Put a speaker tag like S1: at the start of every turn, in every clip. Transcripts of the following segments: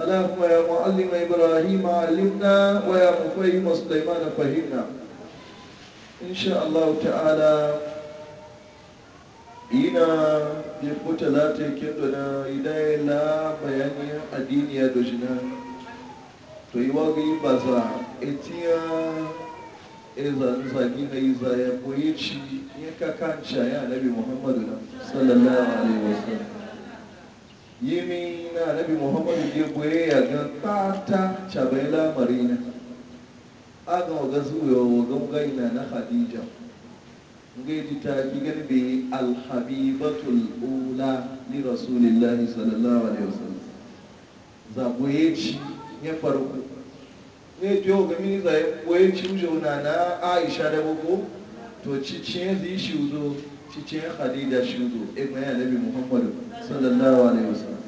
S1: اللهم يا معلم إبراهيم علمنا ويا مفهم سليمان فهمنا إن شاء الله تعالى ina jirku talata ke dona idan la bayani addini ya dojina to yi wagi ba za e ezanzagi na yi za, ya koyi ci ya kakanci ya nabi muhammadu na. sallallahu alaihi wasallam yimi na nabi muhammadu ya goye ya ga tata shabai marina a ga waga zuwa ya wagan gaina na khadija gaji ta ki garbe alhabibatul ula li rasulillahi sallallahu alaihi wasallam za goye ci ya farko ne to ga mini za goye ci wujo na na aisha da boko to ci ci zai shi uzo cikin shi shudu in ya nabi muhammadu sallallahu alaihi wasallam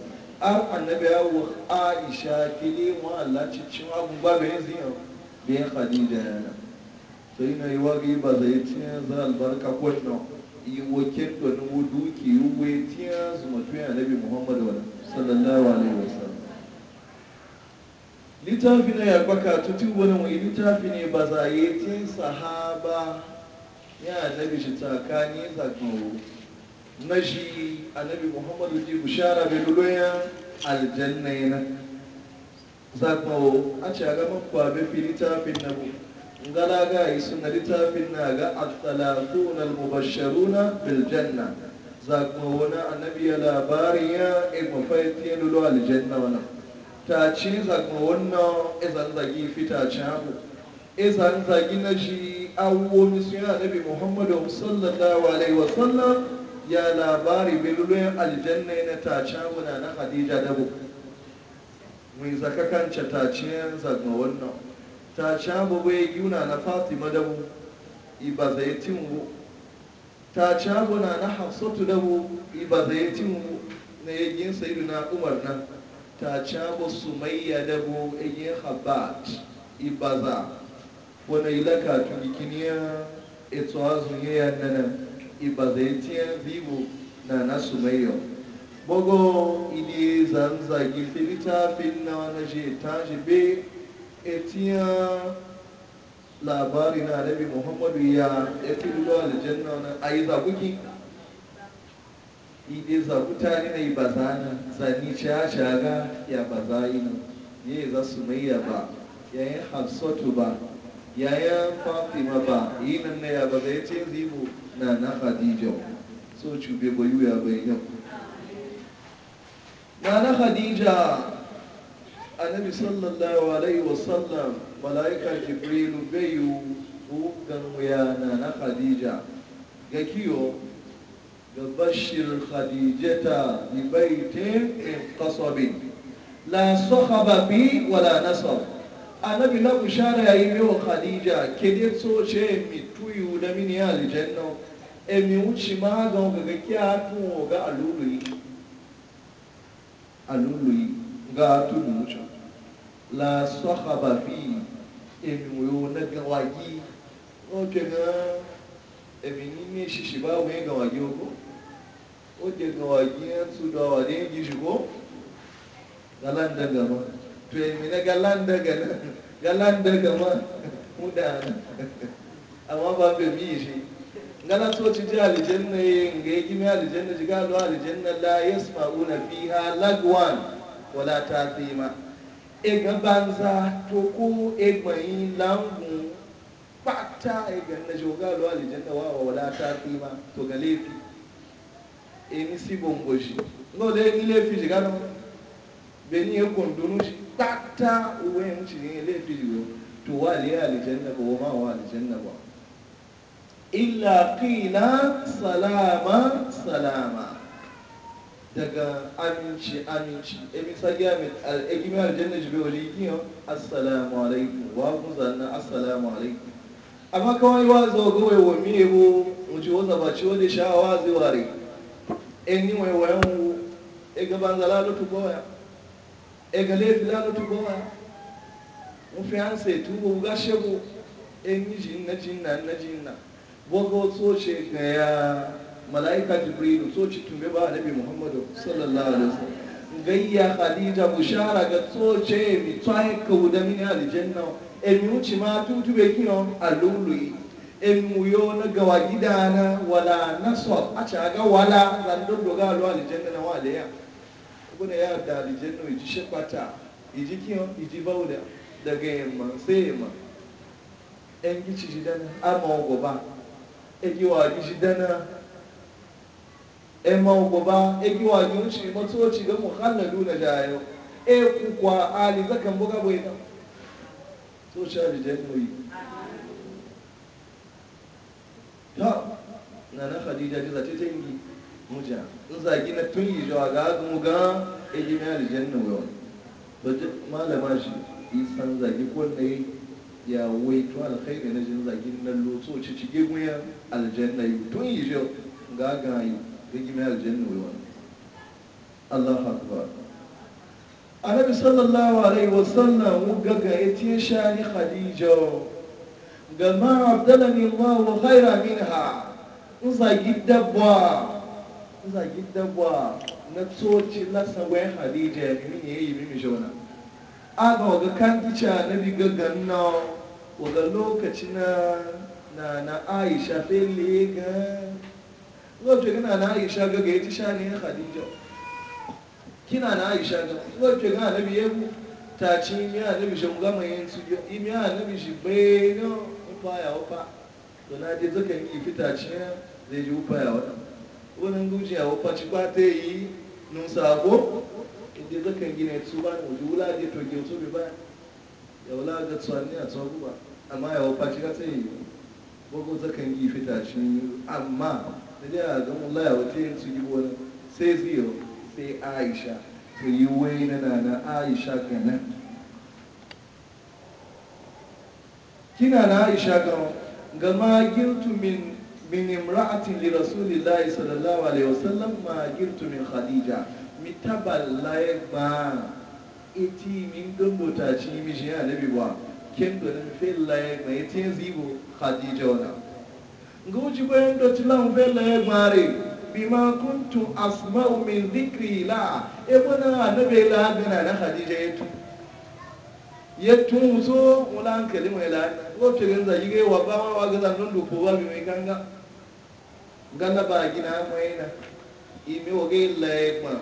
S1: an annabi ya wa aisha fili mu Allah cikin abun ba bai zai yau bai khadija yana sai na yi wari ba zai tiya za albarka ko na yi wakil da nuhu duki yi wai tiya su mutu ya nabi muhammadu sallallahu alaihi wasallam litafi na ya baka tutu wani wani litafi ne ba za yi tiya sahaba ya annabi shi tsakani tsakawo na shi annabi muhammadu ji bishara bai lulluyan aljanna yana zakawo a ce a ga makwa bai fi littafin na mu ngala ga yi suna littafin na ga attalatun almubasharuna na janna zakawo na annabi ya labarin ya imafai eh, ya lullu aljanna wana ta ce zakawon na eh, izan zagi fita can abu izan eh, zagi na shi awo misiyan annabi muhammadu sallallahu alaihi wasallam ya labari beluloyin aljanna na tace muna na hadija dabo mai zakakanci tacen zagma wannan tace bai yuna na fatima dabo iba zai timu tace abuna na hafsatu dabo iba zai timu na yagin na umar nan tace abu sumayya dabo yagin habat ibaza wani ilaka tugikiniya eto azun ye yannana ibazetiyan vivo na nasu mai yau bugu idi zanzagi filita fin na wani je ta jibe etiyan labari na nabi muhammadu ya etilo aljanna wani ayi zaguki ide zaguta ne na ibazana zani shaga ya bazayinu ne za sumaiya ba? yaba yayin hafsatu ba يا يا فاطمة با إن إيه يا بديت زيب نانا خديجة سو تشوف بيو يا بينك نانا خديجة النبي صلى الله عليه وسلم ملائكة جبريل بيو وكان ويا نانا خديجة يكيو يبشر خديجة ببيت قصب لا صخب بي ولا نصب annabi la bushara yayi mewa khadija ke dai so ce mi tuyu da mini ya aljanna e mi wuce ma ga ga kiya tu ga aluluyi aluluyi ga tu mucha la sahaba fi e mi wo na gawagi wagi o ke ga e mi ni ne shi shi ba wo ga wagi ko o ke ga wagi su ne ji ko galan da gaba to yi mina galan daga nan galan daga ma mudana amma ba bai mi shi ngana so ci ji aljanna yin ga yi mi aljanna ji galo aljanna la fi ha lagwan wala tathima e ga banza to ko e gbayin langun pata e ga na joga lo na wa wala ma to ga lefi e mi si bongoji ngole ni lefi ji gano beni ya kondonu shi ɓata wayanci ne laifi yiwu to wa liya alijanna ba wa ma wa alijanna ba illa qila salama salama daga aminci aminci e misali al'egimi aljanna jibe wali giyan assalamu alaikum wa kun zanna assalamu alaikum amma kawai wa zo gawai wa miye bo mu ji wanda ba ci wani sha'awa zai ware e ni wai wayan e gaban zalalutu gawaya egale filano tu goma nufin hansa ya tubo ga shego en yi jinna jinna na jinna bogo tsoce ga ya mala'ika jibrilu tsoce tumbe ba nabi muhammadu sallallahu alaihi wa wasallam gayya khadija bushara ga tsoce mi tsaye ka wuda mini aljanna emi uci ma tutube kiyon alului emi uyo na gawa gidana wala nasab a caga wala zan dodoga alu aljanna na wa waleya kuna ya da alijannu iji shekwata iji kiyo iji bauda daga yamma sai yamma yan gici shi dana ama wa gi gici dana yan ma goba egiwa giyunci matuwaci ga muhallalu na jayo e kukwa ali zakan buga bai nan so shi alijannu yi ta na na khadija ta zace ta yi muja in zaki na tun yi jawa ga haka mu ga egi na aljanna wa wani malama shi isan zaki ko ne ya wai waito alkhairi na jin zaki na lotso ci ci gegunya aljanna yi tun yi jawa ga ga yi egi na aljanna wa wani Allah akbar annabi sallallahu alaihi wasallam gaga yace shani khadija gama abdalani Allah khairan minha in zagi dabba zagi dagwa na tsoci na bayan hadija ya nemi ne yi mimi shauna aga waga kan gica na biga ganna waga lokaci na na na aisha fele ga zoce gina na aisha ga ga ya ci sha ne hadija kina na aisha ga zoce gina na biye ku ta ci miya na mu gama yin su miya na bishin bai na ya to na je zaka yi fitace zai ji ufa ya wadanda wurin guji a wafaci ba ta yi nun sabo inda zakan gina su ba da wuji wula da toke su bi ba ya wula ga tsanni a tsohu ba amma ya wafaci ka ta yi bugu zakan yi fita shi amma da dai a ga mulla ya wata yin su yi wani sai ziyo sai aisha to yi wai na nana aisha ganin kina na aisha ma gama girtu min min imra'atin li rasulillahi sallallahu alaihi wasallam ma girtu min khadija mi taballa ya ba iti min dumbota ci mi shi ya nabi ba ken do nan fe la ma iti zibo khadija wala ngoji bayan do tilan fe la ya mare bima kuntu asma'u min dhikri la e bona nabi la na yettun so wala hankali mai lafi wato yin zagi gai wa ba wa ga zannon doko ba mai ganga ganga ba gina mai na ime wa gai laye ma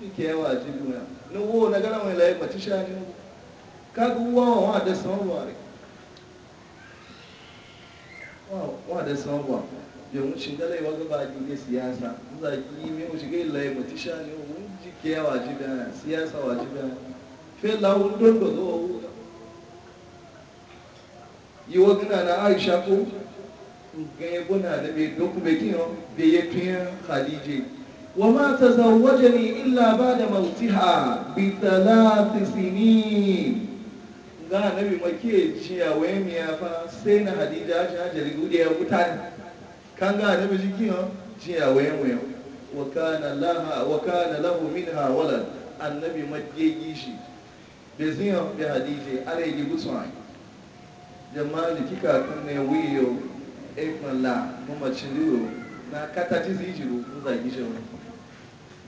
S1: ni ke yawa ji bi mai na wo na gana mai laye ma ci sha ne ka ga wa wa da san wa re wa da san wa ya mun shi dalai wa ga ba gi siyasa zagi ime wa shi gai laye ma ci sha ne mun ji ke yawa ji bi siyasa wa ji bi fela wundon da zuwa wuda yi wa gina na aisha ko ganye guna da bai doku bai kiyo bai yi tuya khadije wa ma ta zawaje ni illa ba da mautiha bi talati sini ga nabi make ciya waye mi ya fa sai na hadija ta hajjali gude ya mutane kan ga nabi jikiyo ciya waye mu wa kana laha wa kana lahu minha walad annabi majjeji shi bai sun yau bi hadije ala yi gusun a jama'a da kika kan kuma na kataci su yi jiro sun zagi shi wani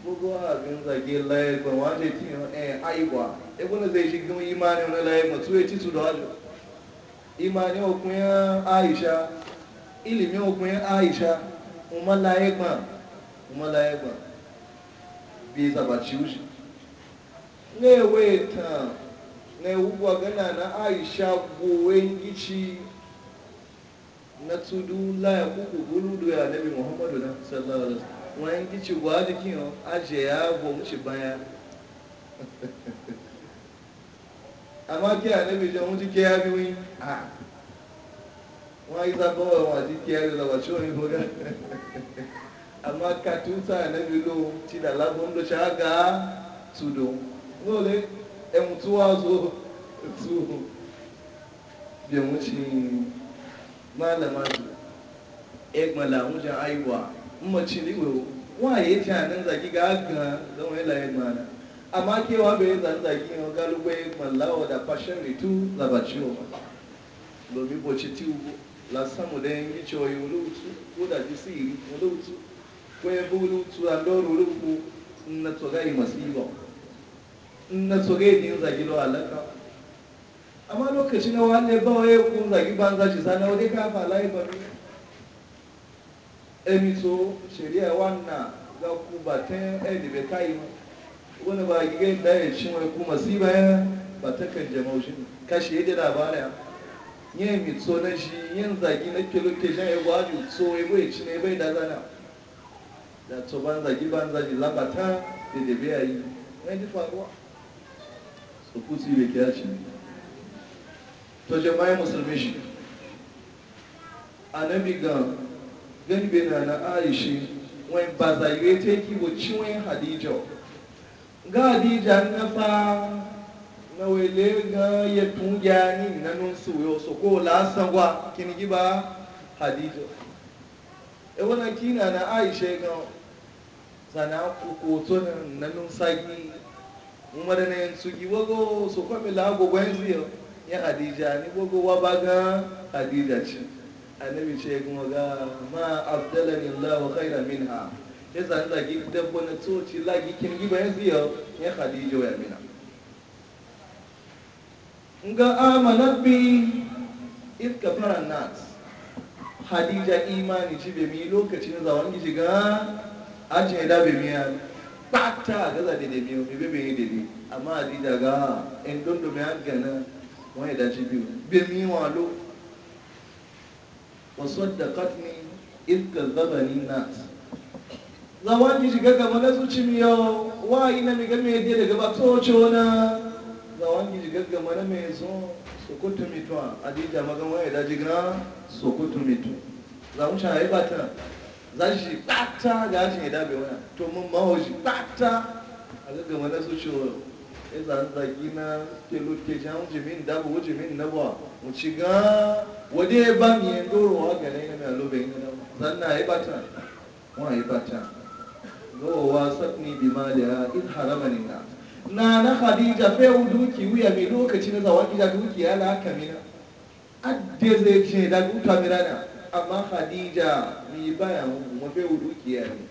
S1: gbogbo abin zage laye waje kiyo eh aigwa ebuna zai shi gama imani wani laye matu ya ci su da imani okun ya aisha ilimi okun ya aisha kuma laye ban umar laye ban zaba ciwo shi ne wai ta na a gana na aisha gowen gici na tudu laya kuku gudu ya nabi muhammadu na sallallahu alaihi wayan gici jikin aje ya gwamci baya amma kí ànábì jẹ ohun tí kí á wíwí wọ́n yí sábọ́ wọn àti kí á rí lọ́wọ́ tí ó ń gbọ́gá àmọ́ ti dà lágbọ́n 'yan tuwa zo su bai na malama su ya mala mmachi aiwa mace liwe waye ci hannun zaki ga haka zama yi layin mana amma kewa bai yi zan zaki yau galugbe mallawa da fashin tu zabaciwo ba domin boci tiwu lasamu da yin gice ko da na na so ne yin zagi lo alaka amma lokaci na wani ba waye kun zagi ban zaci sana wani kafa fa lai ba emi so shari'a wannan ga ku ba ta ɗaya da bai kayi ba wani ba gige da ya ci mai kuma si bayan ba ta kan jama'u shi kashe yadda labara emi so na shi yin zagi na kiloke shan ya gwaju so ya bai ci ne bai da zana da to ban zagi ban zagi labata da da bai yi wani faruwa da kusi da kya ce to jama'i musulmi shi annabi ga gani na e na aishi wani ba zaiwe ta yi wa ciwon hadija ga hadija na fa na wele ga ya tungiya ni na nun su yau so ko lasagwa kin giba hadija e na aisha ga zana kokoto na nun sagi umar ne su gi wago su kwami lago gwen ziyo ya hadija ni gogo wa baga hadija ce annabi ce kuma ga ma abdalani allah wa min ha ya zan zagi dabbo na tsoci lagi kin gi bayan ziyo ya hadija wa mina ga amanat bi it kafara nas hadija imani ci be mi lokacin zawan gijiga ajin da be mi yana ga da pátá gaza dede mi o ebe bẹ̀yẹ dede àmọ́ àdídàgá ẹ̀ńdọ́ndọ̀mí àgànà wọ́n ẹ̀dá ṣe bí o bẹ̀mí wọn ló wọ́sọ́ dàkátì ní ìkà zaba ní nas zawon ji shiga gaba na su cimi yau wa ina mi game yadda daga ba tsoci wana zawon ji shiga gaba na mai so sokoto mito a adija magan wani da jigina sokoto mito zawon shahararri ba ta za shi ɓata ga shi ya dabe wani to mun mawa shi ɓata a ga wani su ce wa ya zaki na kelo eh, ke jan jimin wuce min na buwa mu ci ga wade ya ba mi yin dorowa ga ne na lobe yin na zanna ya bata wa ya bata gowa sabni bi ma da in harama ni na na na khadija fe duki wuya mai lokaci na zawaki da duki ya la kamina adde zai ce da gutamira na amma khadija mi baya wọn fẹ́ wo dúkìá mi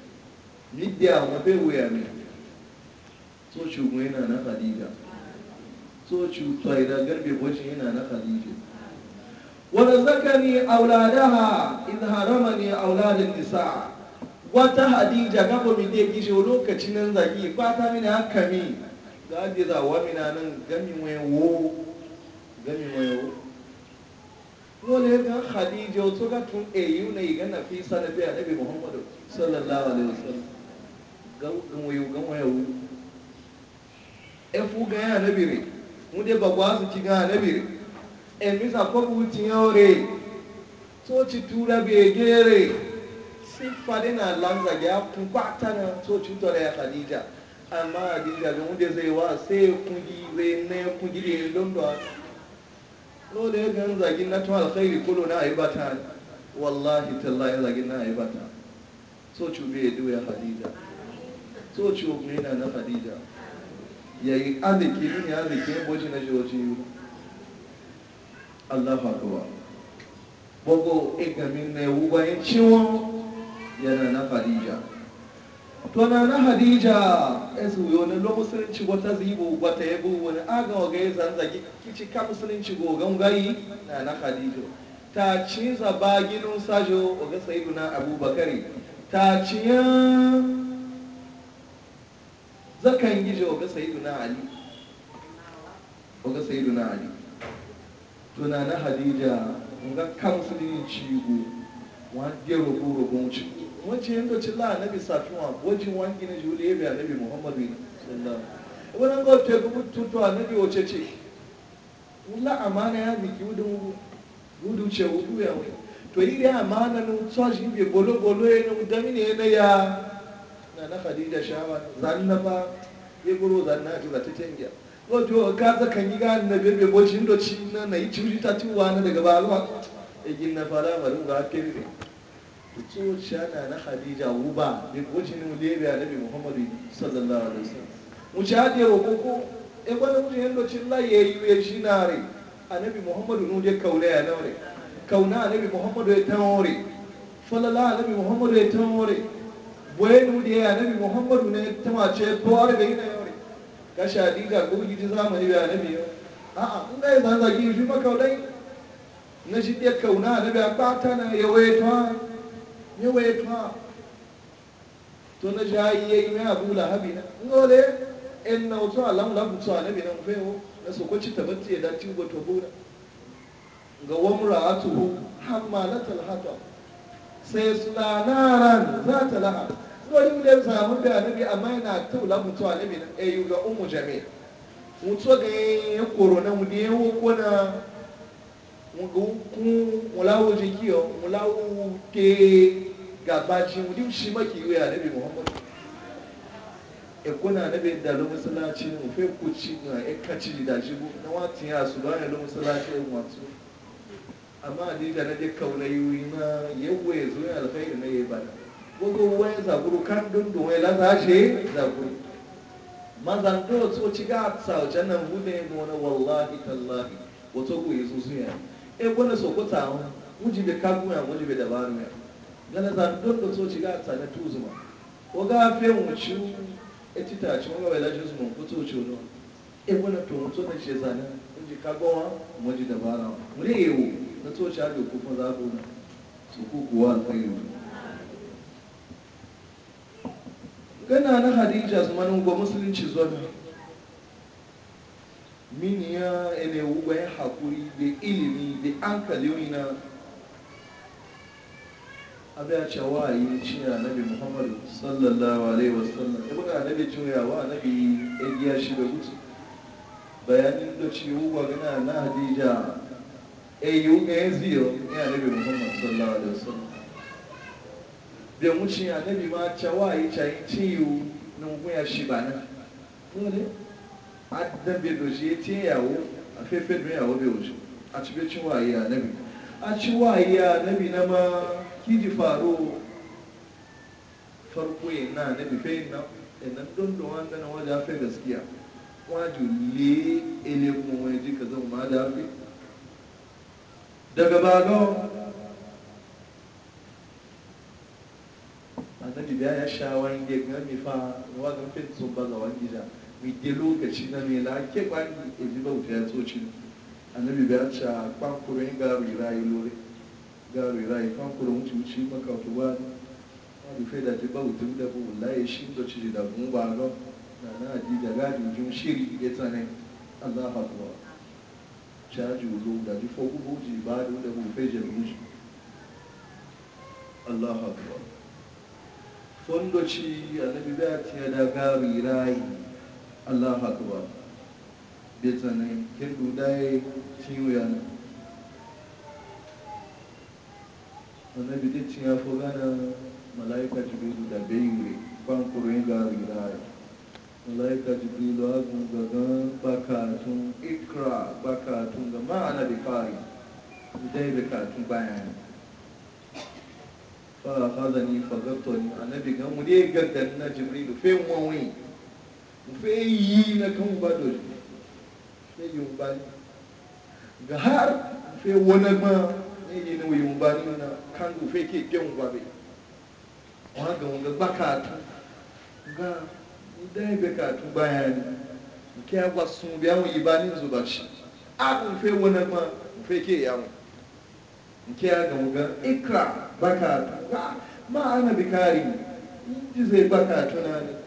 S1: nídìí àwọn fẹ́ wo so tó ṣùgbọ́n yana na khadija tó ṣùtọ̀ ìdágẹ́rẹ́ bọ́ṣe ina na khadija wa zakani auladaha in harama ne auladin nisa wata hadija bo mi ki shi lokacin nan zagi kwata mini haka mi ga mi na nan gami mai wo gami mai wo dole ga khadija wato ga tun eyu na yi ga nafisa na biya nabi muhammadu sallallahu alaihi wasallam gan wayo gan efu ga ya nabi re mu dai ci ga nabi re e misa ko ci tura be gere si fade na lanza ga na ya khadija amma zai no da ya gan zagin na tuwa alkhairi Kulu na aibata Wallahi wallahi tallahi zagin na ayi bata so cube ya doya hadida so cube na na hadida ya yi arziki min ya arziki ya boci na jiwoci eh, yi allah faruwa gbogbo igamin na ya wubayin ciwon yana na hadida tona na hadija ya zuyo na lo musulunci wata zibu wata yabo wani aga wa gai zanzagi kici ka musulunci gogon gayi na na hadija ta ci zaba ginin sajo oga sayidu na abubakari ta ci ya zakan gije oga sayidu na ali oga sayidu na ali tona na hadija nga ka musulunci go wa gero goro gonci wajen yin doci la annabi wa wajen wangi na juli ya bi annabi muhammadu ne sallallahu wani ga ta gubu tutu annabi wace ce wula amana ya ziki wudu wudu ce wudu ya wai to yi ya amana nun tsashi bi bolo bolo ya na udami ne na ya na na khadija shawa zanna ba ya guro zanna ta zata tengiya wato ka zakan yi ga annabi bai bocin doci na na yi ta tiwa na daga ba egin na fara marin ga hakkin ciwo shaɗa na khadija wuba ne koci ni mulebi annabi muhammadu sallallahu alaihi wasallam muci hadiya ko, e bana muci yando cin yi yayi ya shinare annabi muhammadu nu je kaule ya kauna annabi muhammadu ya tawore falala annabi muhammadu ya ta tawore boye nu je annabi muhammadu ne ko har ga na yaure ka shadija ko ta zamani ya annabi a'a in ga shi makaulai na shi ɗaya kauna annabi a ɓata na ta ni wai fa to na ya yi mai abu lahabi na ngole in na wato alam la buto anabi na mfewo na su ko ci tabatti ya dati go to bura ga hamma na talhata sai na naran za ta laha wani ne samun da anabi amma yana taula mutu anabi na ayu eh, ga umu jami mutu ga ya korona mu ne ya kona na ga hukun mulawo jikiyo mulawo ke gabacin wudin shi maki yi a nabi muhammad e kuna nabi da lo musulaci mu fe kuci na e kaci da jibu na watin ya su ba ya lo musulaci e mu wasu amma ni da na je kaulai yi na yawo ya zo ya alkhairi na yayi Ko gogo wani zaburu kan dundu wani la za she mazan do so ci ga sa jannan bude mu na wallahi tallahi wato ko yi su ya e gona so ko ta mu jibe kagu ya mu jibe dabaru ya gana zan dondo so ci ga tsada tuzuma o ga fe mu ci e ti ta ci mu ga wala ji zuma ko to ci no e wala to mu so na ce zana in ji ka gowa mu ji dabara mu na to ci ga ku fa za ku na su ku kuwa alkhairu gana na hadija zamanin go musulunci zuwa mini ya ene ugwe hakuri da ilimi da ankali na ce cewa yi ci na nabi Muhammad sallallahu alaihi wasallam ya buga nabi wa nabi ya shi da gutu bayanin da ci wuwa gana na hadija a yi wuga ya ziyo ya nabi Muhammad sallallahu alaihi wasallam bai mucin ya nabi ma cewa yi cayin ciyu na hukunya shi ba na dole adan bai doshi ya ce yawo a fefe don yawo bai wuce a ci bai ci wayi a nabi a ci yi ya nabi na ma kiji faro farko yana na bife na don dondo wanda na waje afe gaskiya waju le kuma wani jika zan ma da afe daga bago annabi jibi ya sha wange gami fa wazan fit sun baza wani ja mi de lokaci na me la ke kwani e ji bauta ya tsoci annabi da ya sha kwankuru inga wi rayu lori gari rai kwankuru mutum ci maka tuba ma rufe da da bu laye shi da ci da mu ba ga na na di da gadi jun shiri ya tsane Allah akbar caji ulo da ji fogu buji ba da da bu feje buji Allah akbar fondoci annabi da ta da gari rai Allah akbar bai tsane kin dudai ciwo yana wannan bidicin ya fi gana malaika jibrilu da bayire ban kuroyin ga rirayi malaika jibrilu a gungagan bakatun ikra bakatun da ma'ana da fari dai da katun bayan fara hazani a nabi gan mu ne gaggar na jibrilu fe wani mu fe yi na kan ba da shi fe yi ba ga har fe wani ma ne yi na wuyi ba ni na kandu feke kyan gwabe wanga wanga bakatu ga dai bakatu bayani nke ya sun biya mu ibanin zuba shi a fe wani ma feke yawon nke ya ga wuga ikra bakatu ga ma ana bikari ji zai bakatu na ne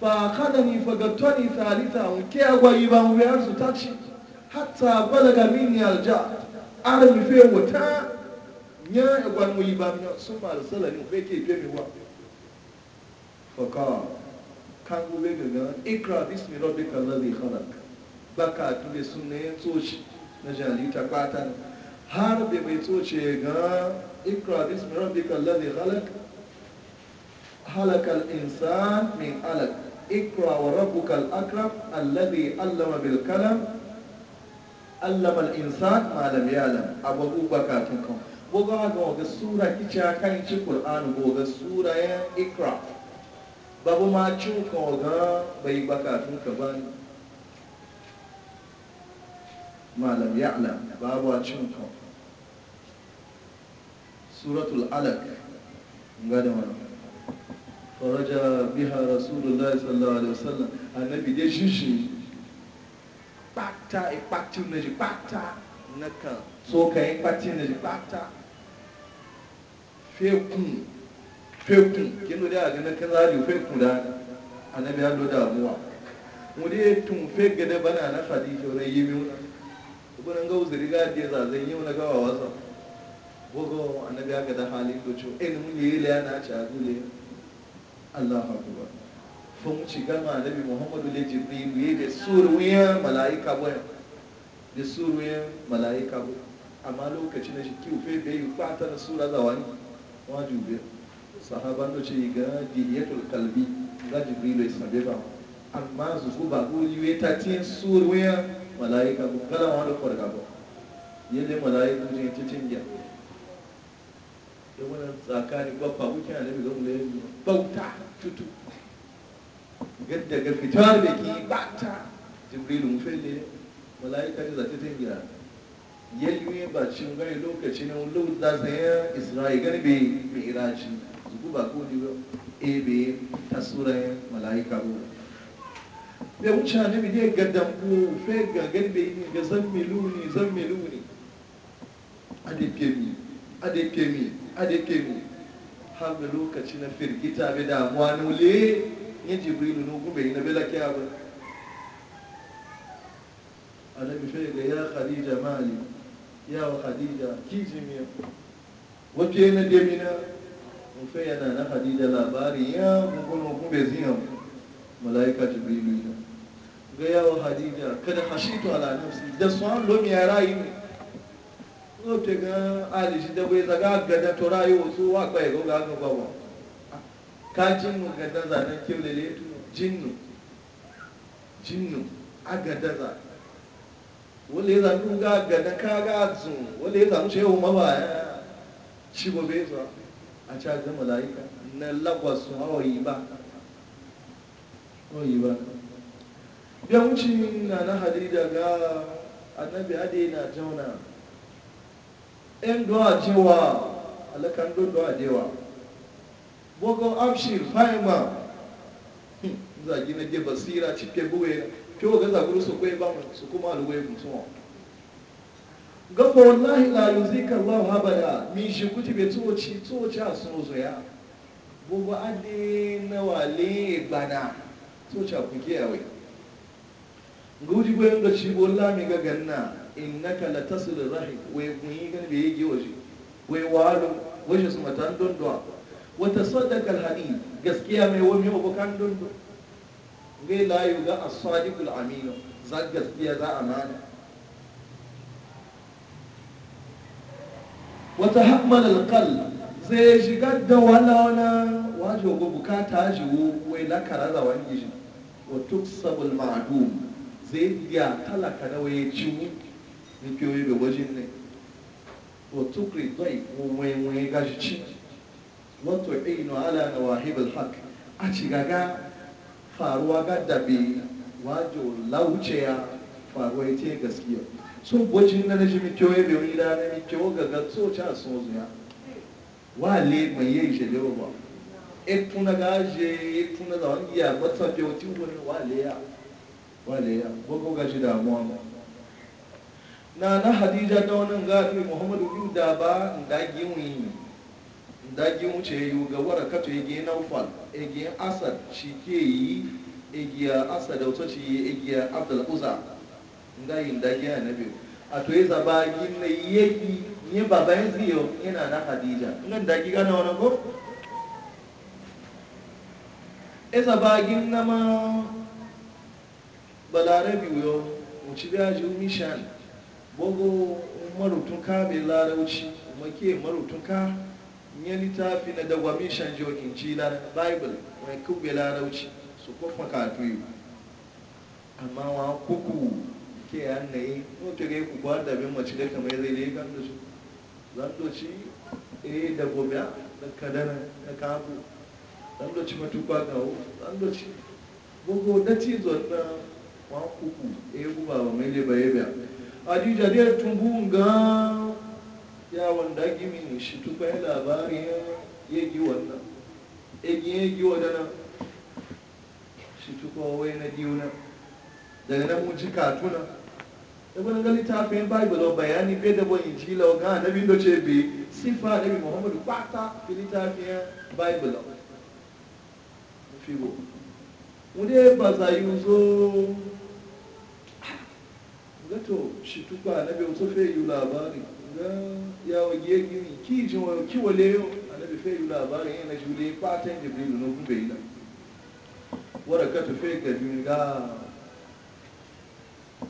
S1: Ba fa kada ni faga fagattoni salita nke ya yi ba mu biyar su tashi hatta balaga mini alja armi fe wata nya egwan mu yiba mina suma arsala ni fe ke pe mi wa faka kan go be ga ikra bismi rabbika alladhi khalaq baka tu be sunne tsoci na jali ta kwata har be bai tsoce ga ikra bismi rabbika alladhi khalaq خلق الإنسان من علق اقرأ وربك الأكرم الذي علم بالكلم علم الإنسان ما لم يعلم أبو بكاتكم goga ga wa sura kicha kan ci qur'an goga sura ya ikra babu ma cin ga bai baka tun ka ne. malam ya'lam babu a cin koga suratul alaq ga da wani faraja biha rasulullahi sallallahu alaihi wasallam annabi dai shishi pata e patin na ji pata na kan so ka e patin na ji pata fekun fekun kino da ga na kaza ju fekun da annabi ya do muwa. mu dai tun fege da bana na khadija wala yimi wala kuma nan ga uzuri ga da zazan yi wala gawa wasa gogo annabi ya ga da halin do cho ilmu ne ile yana ci azule Allahu akbar fa mu ci ga nabi Muhammadu le jibril yi da suruya malaika boy da suruya malaika boy amma lokacin da shi kiufe bai yi fata da sura zawani wajube sahabanɗo ga dihiyatul kalbi nga Jibril e sabe ba amma zuguba ɓuri wetatin suur weya malaika kala ngala waɗo korga go yelle malaika je tetingia e wona tsakani bappa kuke anabi gomle bauta tutu gadda ga fitar da ki bata Jibril mu felle malaika je za tetingia yalwe ba cin gari lokaci na wani da zaya isra'i gani bai mai iraci zuku ba ko dibo e ta tasura malaika ko be wuce ne bi ne ga ko fe ga gani bai ni ga zammiluni zammiluni zan kemi ade adekemi adekemi kemi har da lokaci na firgita bai damuwa nule yin jibrilu nugu bai na bela kya ba annabi sai ga ya khadija mali ki hadija kijimiya wace na demina rufe yana na hadida labarin ya gugunan bai ziyan mala'ika biyu ya ga yawa hadida kada hashitu ala nafsi da suwan lomi ya rayu ne zote ga alishi da bai zaga gada to rayu wasu wakwa ya goga aka bawa ka jinnu gada zanen kirlele jinnu jinnu a gada zanen wale za nu ga da ka ga zun wale za nu shehu mabaya shi gobe za a cha ajiyar mala'ika na lagwasu hawaii ba hawaii ba ya wuce na na hadida ga annabi ade na jauna yan doa cewa alakan do doa dewa boko abshir fahimma za na ge basira cike buwe tí ó gaza gúrú su kwai bamu su kuma alwai mutuwa gaba wallahi la yuzi kallahu habada min shi kuti bai tsoci tsoci a sun zoya gogo ade na wale gbana tsoci a kuke yawai ga uji da shi bola mai gagan na na kala tasirin rahim wai kun yi gani bai yi waje wai walo waje su matan dondowa wata sadakar hadi gaskiya mai wani abokan dondo. gai layu ga asadikul aminu za gaskiya za a mana wata hamman alƙal zai shigar da wana waje ga bukata jiwo wai na kara wani gishi wa sabul ma'adu zai iya talaka na waye ciwo ne fiye da wajen ne wa tukri zai wai wani gashi ci wato inu ala na wahibul haq a ci gaga. faruwa ga dabe wajo lauce ya faruwa ya ce gaskiya so bocin na nashi mikyo ya bai na rana mikyo ga ga so ca so zuya le mai yi shi da ba etu na gaje etu na zawon iya matsa kyauti wani le ya wa le ya bako shi damuwa ma na na hadija ta wani ga muhammadu bin da ba da giwin dagi wuce yi ga wara kato ege naufal ege asad shi ke yi egiya asad wato ci yi egiya abdul uza ngayin dagi ya nabi a to yi zaba gina yegi ne baba yin ziyo yana na khadija nan dagi gana wani ko e zaba gina ma balarabi yo wuce biya ji mishan bogo marutun ka bai larauci kuma marutun ka ya littafi na dawamishan jokin na bible mai kube larauci su kuma katuyu amma wa kuku ke yannayi wata ga yi ku gwada bin mace da kamar zai ne kan da su zandoci yi eh, da gobe da kadana da kafu zandoci matukwa kawo zandoci gogo da cizo na wa kuku yi eh, guba wa mai leba ya biya a jijadiyar tumbun ga yawon dagi ne shi tukwai labarin ya gi wannan egin ya gi wadana shi tukwai na diuna daga nan mun ji katuna ibn gali ta fi bible bayani fe da bon injila ga na biyu ce bi sifa nabi muhammadu kwata fili ta fi bible fibo wunde ba za yi zo gato shi na biyu wasu fe yi labari ga ya wage gini ki ji wa ki wale yo annabi fe yi labarin yana jule fatan jibrilu no kun bai da warakatu fe ga dinga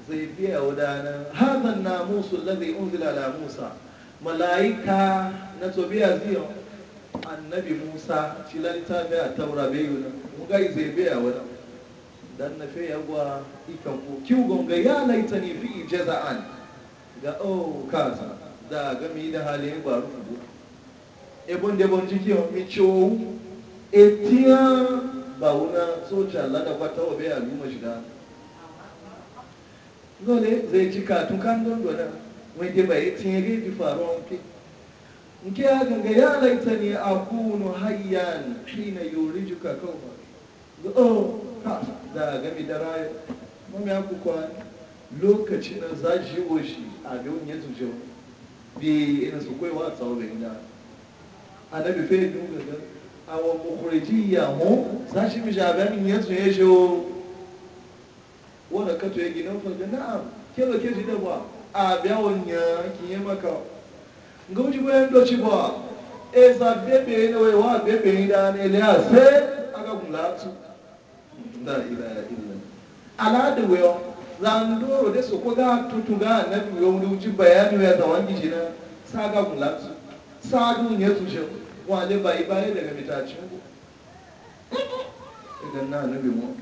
S1: zai biya wadana na musu alladhi unzila da musa malaika na tobiya ziyo annabi musa shi lalita a taura bai yi mu ga zai biya wadana dan na fe yawa ikan ko kiwon ga ya laita ne fi jaza'an ga O oh, kaza da gami da ya gbaru rubu ebon da ban jiki on mico etiya ba wuna soja lada da kwata obe a goma shida gole zai ci katun kan don dona mai ke bai tiye ge faruwa faru ke nke ya ganga ya laita ne a kunu hayyan hina yurijuka kawai oh ha da gami da rayu Mami ya ku lokaci na zaji woshi a ga wani ya zuje wani bi ina su kwaiwa tsaurin da annabi fe dun gaga awon mukhrijiyya yamu sashi mi jaga min yanzu ya jo wanda kato ya gina fada na'am ke ba ke ji da ba a biyawon ya ki yi maka ga wuce bayan doci ba e za bebe ne wai wa bebe ne da ne liya sai aka landoro da su koga tutuga na biyo wani wuce bayani ya da gishi na saga gulatsu sadu ne su shi wale bai yi baya daga mitaci ku idan na nabi mu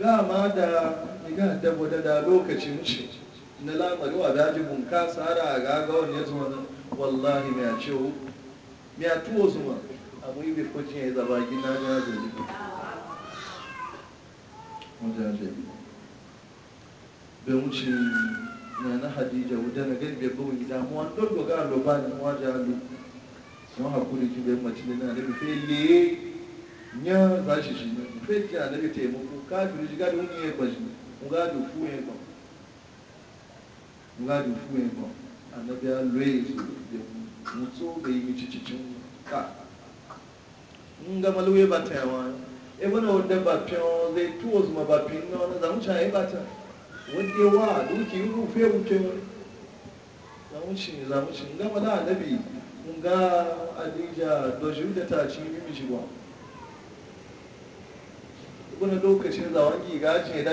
S1: ga ma da ga da boda da lokacin shi na lamari wa daji ka sara ga gagawar ya zuwa nan wallahi mai a cewu mai a tuwo zuwa abu yi bai kwacin ya zaba gina na zai wajaje ɓe wuce nana hadija wudana gari ɓe bowi damuwa ɗoɗɗo ga sun hakuri ki ɓe macine na nabi fe leye nya za shi shi ne fe ji a nabi taimako kafin ji gadi wani ya gbaji ngadi fu ya gba ngadi fu ya gba annabi loye su da mutu bai yi ka in ga maluwe ba e wadda ba fiyan zai tuwo zuma bafin na wani zamu shaye bata wadda wa duki rufe wuce zamu shi ne zamu shi gama da alabi mun ga adija dojin da ta ci yi mishi ba wani lokacin zawangi ga ce da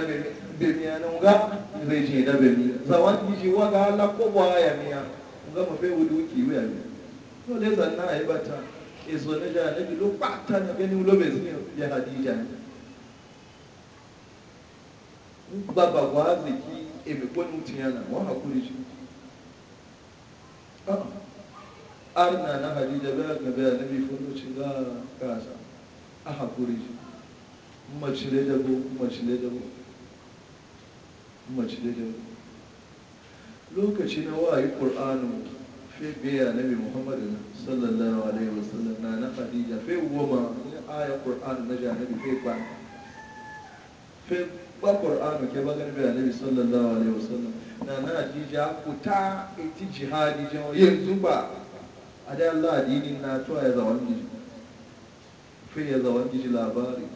S1: bemi ya nan ga zai ce da bemi zawangi ji wa ga Allah a ba ya miya mun ga mafi wuduki wuya ne dole zanna ayi bata ezone ja anabi ló pàtà nàbẹ ní olóbèzí bí hadija ngba bagwa azeki emekwe n'utinye na wọn hakuri ji arna na hadija bẹ gabe anabi fonocin ga kasa a hakuri ji mmachile dabo mmachile dabo mmachile dabo lokaci na wa'ayi ƙur'anin في بيا نبي محمد صلى الله عليه وسلم نانا خديجة في وما آية قرآن نجا نبي في با في با قرآن كبا نبي النبي صلى الله عليه وسلم نانا خديجة كتا اتي جهادي جو ينزبا أدى الله ديني ناتوا يزوان جي في يزوان جي لاباري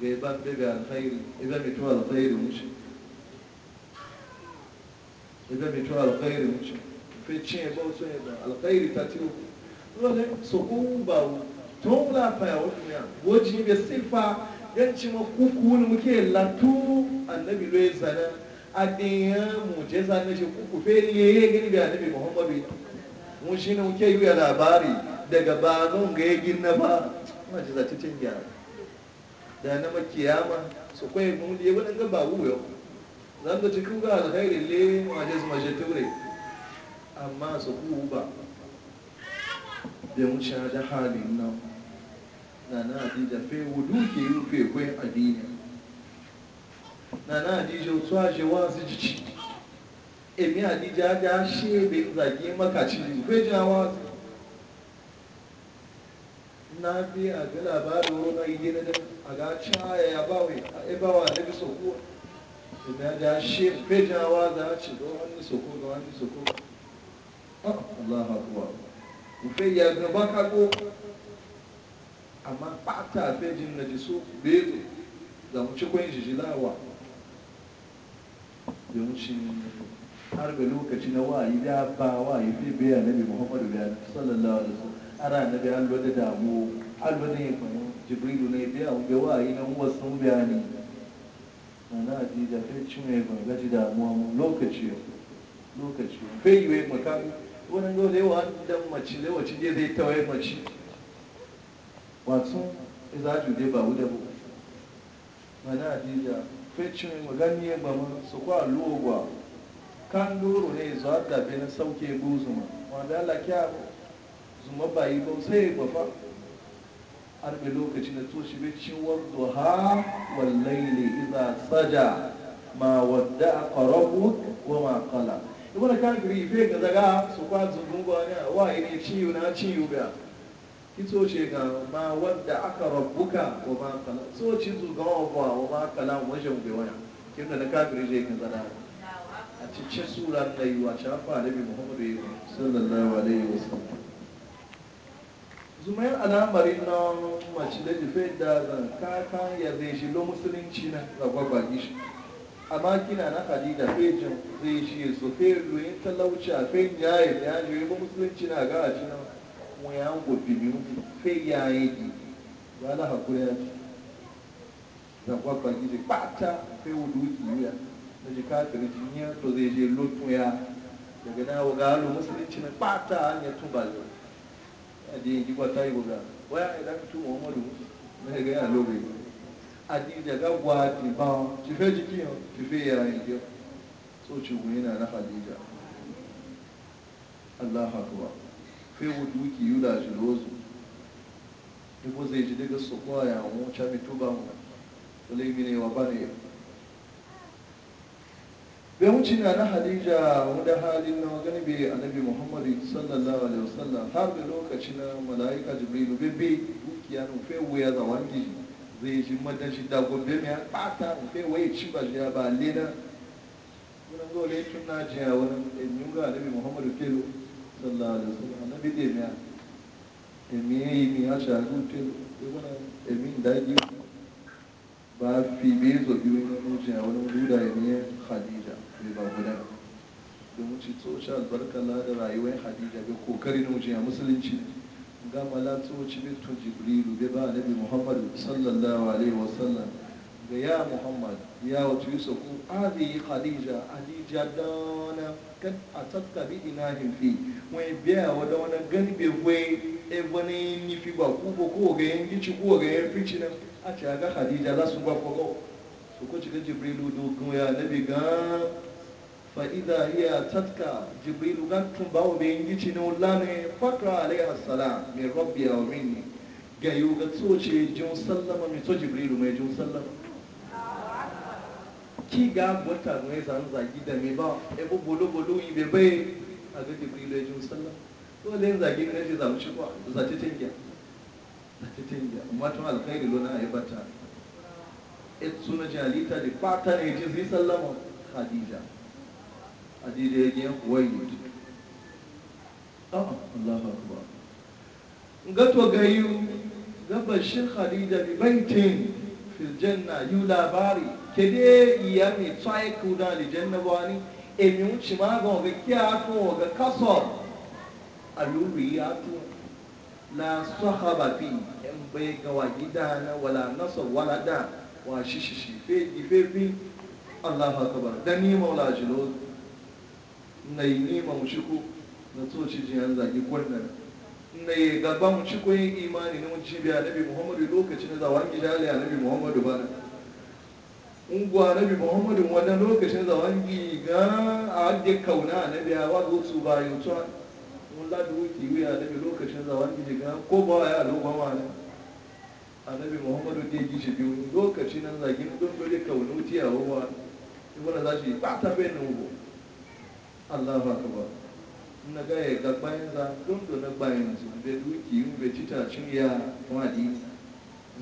S1: بيبان بيبي الخير إذا متوى الخير مش إذا متوى الخير مش fece e um ba ne da alkhairi ta ci tiyo lole so kun ba tun lafaya wajen ya goji bai sifa yanci ma kuku ne muke latu annabi loye zana adiyan mujeza na shi kuku feli ya yi gani bai annabi bi mun shi ne muke yi labari daga banon ga ya gina ba kuma ji ta cin gyara da na makiyama su kwaye mun da ya waɗanda ba wuyo zan da cikin ga alkhairi le majez majeture amma su ba da wuce da halin nan na na adija fewu wudu yi na na adija otu aje wazi jici emi adija shebe zage makaci na bi a ga labarin na da a ga ya bawai a ibawa na bi sokuwa emi aja shebe fe ja wazi a ci sokuwa Ah, Allah ya ga baka ko amma pata fe jin na so bezo da mu ci kwen har ga lokaci na wayi da ba wayi fi biya nabi muhammadu biya sallallahu alaihi wasallam ara nabi halwa da damu halwa ne fa jibrilu ne biya mu ga wayi na mu wasu bayani mana hadija fe cin ne ba gaji damuwa mu lokaci lokaci yi wani dole wa dan mace da wace je zai tawaye mace wasu za ju dai ba wuda bu mana adija fecin magani ba ma su kwa logwa kan duru ne zuwa da na sauke guzuma wanda ala kya zuma bayi ba sai ba har bai lokaci na toshi bai ciwon ha wallaili iza saja ma wadda a ƙarabu wa ma ƙala ibn kafiri gribe ga zaga su kwa zungungu ne wa ne ciyu na ciyu ga kito ce ga ma wanda aka rabbuka wa ma kala so ci zuga wa ba wa ma kala wajen bai wani kin da kafiri gribe ga zaga a cikin sura da yi wa shafa da bi muhammadu sallallahu alaihi wasallam zumayar al'amarin na mace da jife da zanka kan ya zai shi lo musulunci na zagwagwagi shi a makina na kadida fejin zai shi su fejo yin talauci a fen yayi ya shi ba musulunci na ga a cinan wuyan fe yayi di ba na hakuri ya ci zakwa kwanki ce bata fe wudu kiwiya na ji kafin jiniya to zai je lotu ya daga na waga halu musulunci na bata hanyar tuba ya je yi gwata yi waga waya idan na ga lobe Hadija gagwa tibawo tife jiki tife yayin yau so ci yana na Hadija Allah akbar fe wuduki yula jilozu ibo zai ji daga su kwaya mu cha mituba mu wale ne wa bane bai wuce na na Hadija wanda halin na gani bai annabi Muhammad sallallahu alaihi wasallam har da lokacin malaika Jibril bebe dukiya no fe wuya zawangi zai ji madan shi da gobe mai bata bai waye ci ba shi ba lena wani dole tun na ji a wani ɗanyu ga annabi muhammadu kelo sallallahu alaihi wasallam annabi da miya emi yi mi a shahararru kelo ya wani emi da yi ba fi biyu zo biyu wani nuji a wani ruda ya ne khadija bai ba guda domin ci tsohon albarka na da rayuwar khadija be kokari nuji a musulunci ne ga balatoci bitu jibrilu bai ba nabi muhammadu sallallahu alaihi wasallam ga ya muhammad ya wato yi sako abi khadija adija dana kan a bi ina himfi Wai biya wada wani gani bai kwai ni fi ba kubo ko ga yin gici ko ga yin fici na. a ce ga khadija za su ba kwago su ko cika jibrilu dogon ya nabi gan fa idha tatka jibril gattum bawo be ngici ne ullane fakra alayhi assalam min rabbi wa minni ga yu ga tsoce sallama mi to jibril mai jin sallama ki ga mota ne zan da me ba e bo bolo bolo yi bai a ga jibril ya jin sallama to le zagi ne shi zamu shi ko za ta tinga za ta tinga amma to alkhairi lona ai bata et suna jalita di fata ne jin sallama khadija adida yake wayu ah Allahu akbar gato gayu gaba shi Khadija bi baitin fil janna yu labari kede iya mi tsai kuda li janna bani e mi unci ma ga ga kiya to ga kaso alubi ya to la sahaba fi in bai ga wajida na wala nasab wala da wa shi shi shi fe di fe fi Allahu akbar dani maula jilot na yi nema mu shiku na tsoci jihar zagi gwannan na yi gaba mu shiku yin imani na mun cibiya nabi muhammadu lokacin da zawon gijali a nabi muhammadu bana ungwa nabi muhammadu wannan lokacin zawon giga a hadde kauna nabi a wazo su yi tuwa mun ladu wuki wuya nabi lokacin zawon giga ko ba ya lokama ne nabi muhammadu ta yi shi biyu lokaci nan zagin dundun dole kaunuti a wawa ibana za shi ba ta bayan nan allah ba ka ba na gaya ga bayan za gundu na bayan su bai duki yin bai cita cin ya tun adini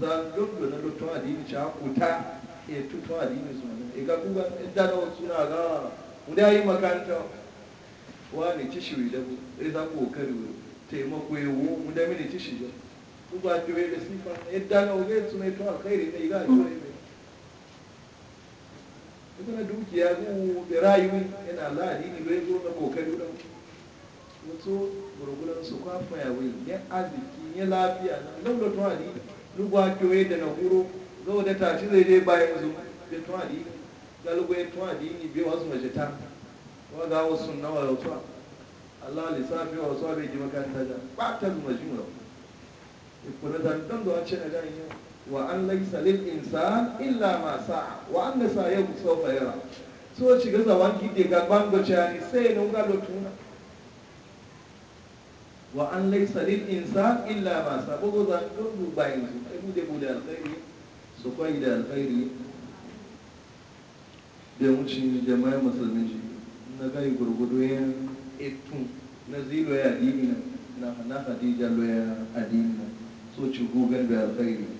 S1: za gundu na lotun dini ci hakuta e tutun adini su wani e ga gugan inda na wasu na ga wuda yi makaranta ne ci shi da e za ku kare taimako ya wo wanda mini ci shi da ku ba ta wai da sifa inda na wuga su mai tun alkhairi ne ga wuri ita na dukiya zuwa da rayuwa yana ladi ne bai zo na kokari don wato gurgunan su kwa fayawai ya arziki ya lafiya na nan da tuwali lugwa kyoye da na guro zo da tashi zai dai bayan zo da tuwali ga lugwa ya tuwali ne bai wasu mace ta wa ga wasu nawa da tuwa Allah lissafi wa wasu bai ji makaranta da ba ta zuma jimura ikuna da dan da ce na gani yau wa an laysa lil insan illa ma sa'a wa anna yau sawfa yara so ci ga zawan gide ga bango chani sai yi nunga lotuna wa an laysa lil insan illa ma sa'a bugo zan dubu bayan su ai bude bude alkhairi su koyi da alkhairi da wuce jama'a musulmi ji na gai gurgudu ya etun na zilo ya adini na na hadija lo ya adini so ci gugan da alkhairi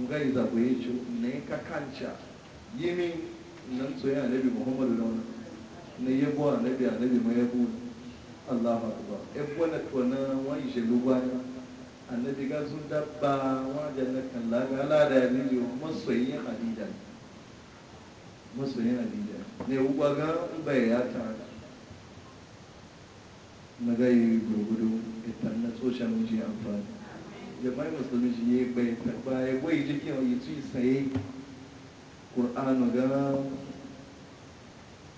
S1: ngai za ku yi ci ne ka kanca yimi nan tsoye annabi muhammadu da wani na yabo a nabi mai yabo allahu akbar ebo na tona wani shelu baya annabi ga sun dabba wajen na kalla ga alada ya nijo masoyin hadida masoyin hadida ne uba ga bai ya ta na gai gurgudu ita na mu ji amfani ya bai musulmi ba ya bai karba ya bai ji kiyan yi ci saye ƙur'anu ga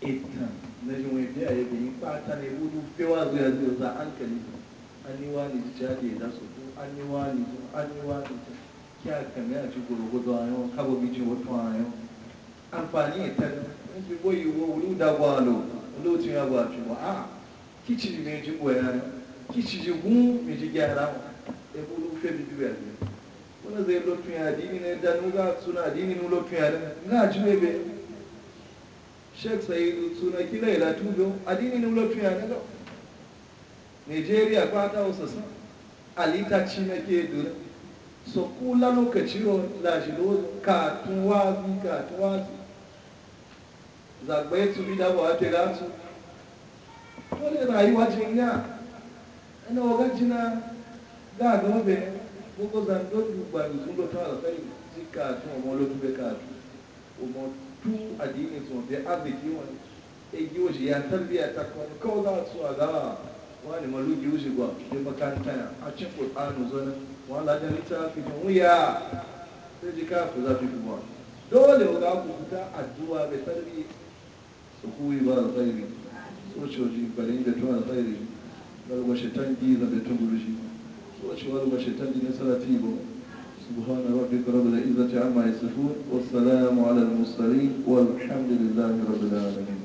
S1: ita na ji wani biya ya bayi fata ne gudu fewa zuwa zuwa za an kali an yi wani ji da su an yi wani ji an yi wani ta kya kame a ci gurgudu a yau kabo bi ci wato a yau amfani ita in ji boyi wa wulu da gwalo lokacin ya gwaci wa a kici mai ji boya kici ji gun mai ji gyara ya bulu fe bibi ya ne wani zai lotun ya dini ne da nuga suna dini nu lotun ya ne na ji ne be sheik sai suna kila ila tubo adini ne lotun ya ne ga nigeria kwata wasu sun alita ci na ke dura so kula lokaci yau lashi lozo katun wazi katun wazi zagbai su bi da ba ta gasu dole rayuwa jinya ina wagan jina gáàgì wọn bẹ gbogbo zango gbogbo àgùsùn ló tún àlọ́fẹ́ yìí sí káàtún ọmọ olótún bẹ káàtún ọmọ tú àdínì sùn bẹ ábìkí wọn egi ó ṣe ya tẹ́lẹ̀ àtàkùn kọ́ láàtún àgá wọn ni mọ̀lúgi ó ṣe gbà ṣe makaranta yà á ṣe kò ánù zọ́nà wọn alájà níta fífún wọn yà ṣe jí káàkó za fífún wọn dole ọ̀gá kùkúta àdúrà bẹ tẹ́lẹ̀ sọkú ìbá àlọ́fẹ́ yìí sọ́ọ̀ṣì òjì não ìbẹ̀tún àlọ́fẹ́ yìí lọ́wọ́ ṣe tán gí ìlọ́bẹ̀tún gbòrò ṣe وشوال بشيطان دي نسالة سبحان ربك رب العزة عما يصفون والسلام على المرسلين والحمد لله رب العالمين